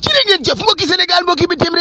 jërë ngeen jëf mbokki Sénégal mbokki bi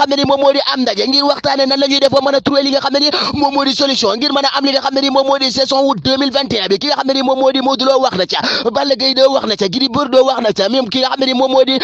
xam ne ni moom moo di am ndaje ngir waxtaane nan la ñuy def ba mën a trouver li nga xam ne ni moom moo di solution ngir mën a am li nga xam ne ni moom moo di saison wu 2021 bi ki nga xam ne ni moom moo di Modou Lo wax na ca Balla Gaye 2 wax na ca Gris Bordeaux wax na ca même ki nga xam ne ni moom moo di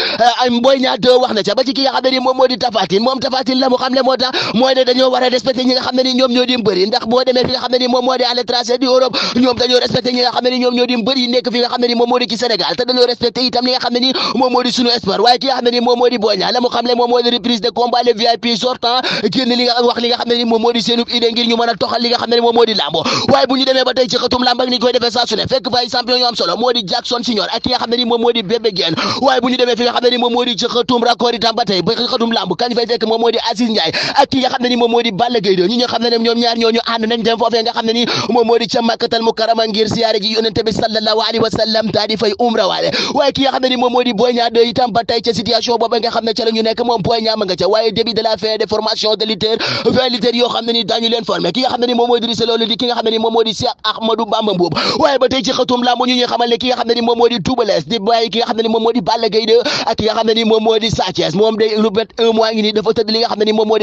Boy Niang 2 wax na ca ba ci ki nga xam ne ni moom moo di Tapha Tine moom Tapha Tine la mu xam ne moo tax mooy ne dañoo war a respecté ñi nga xam ne ni ñoom ñoo di mbër yi ndax boo demee fi nga xam ne ni moom moo di à l'étranger di Europe ñoom dañoo respecté ñi nga xam ne ni ñoom ñoo di mbër yi nekk fi nga xam ne ni moom moo di ci Sénégal te dañoo respecté itam li nga xam ne ni moom moo di sunu espoir waaye ki nga xam ne ni moom moo di Boy Niang la mu xam ne moom moo di reprise de combat VIP sortant génn li nga wax li xam ne ni moom moo di seenub idée ngir ñu toxal li xam ne ni moom moo di lambo waaye bu ñu demee ba tey ci xëtum lamb ak koy defee saa su fay champion ñoo solo moo di Jackson Senior ak ki xam ne ni moom moo di Bébé Guène waaye bu ñu demee fi nga xam ne ni moo moo di Aziz Ndiaye ak ki xam ne ni moom moo di Balla Gaye ñi nga xam ne ne ñoom ñaar ñooñu ànd nañ dem foofee nga xam ne ni moo wa moo di ca situation boobu début de la de lutteurs vingt lutteurs yoo xam ne ni daañu leen former ki nga xam ne ni moom di Idrissa di ki nga xam ne ni moom di Cheikh Ahmadou di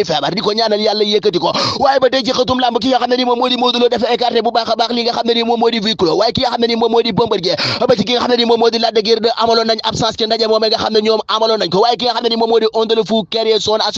Double di ko ñaanal yàlla yëkkati ko waaye ba ci xëtum làmb ki nga xam ne ni moom di Modou Lô dafa bu baax a baax li nga xam ne ni moom di huis clos ki nga xam ne ni moom di Bombardier ba ki nga xam ne ni moom moo di Lac de Guiers nañ absence ci ndaje moom nga xam ne ñoom amaloon nañ ko waaye ki nga xam ne ni moom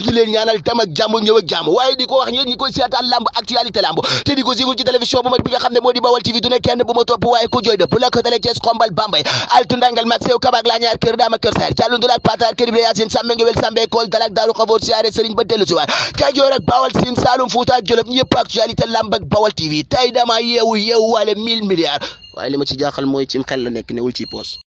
di leen ñaanal tam ak jàmm ñëw ak jàmm waaye di ko wax ñeen ñi koy seetaan lamb actualité lamb te di ko suivre ci télévision bu mag bi nga xam ne moo di Baol TV du ne kenn bu ma waaye ku jooy dëpp la ko dalee Thiès Xombal Bambey altu ndangal mag sew kabaak laa ñaar kër daama kër saar càllundulaak pataar kër bi yaasin sàmme ngewel sàmbe kool dalak daaru xafoor siyaare sëriñ ba dellu si waat Kajoor ak Bawal Siin waaye li ma ci jaaxal mooy cim xel la nekk newul ci poos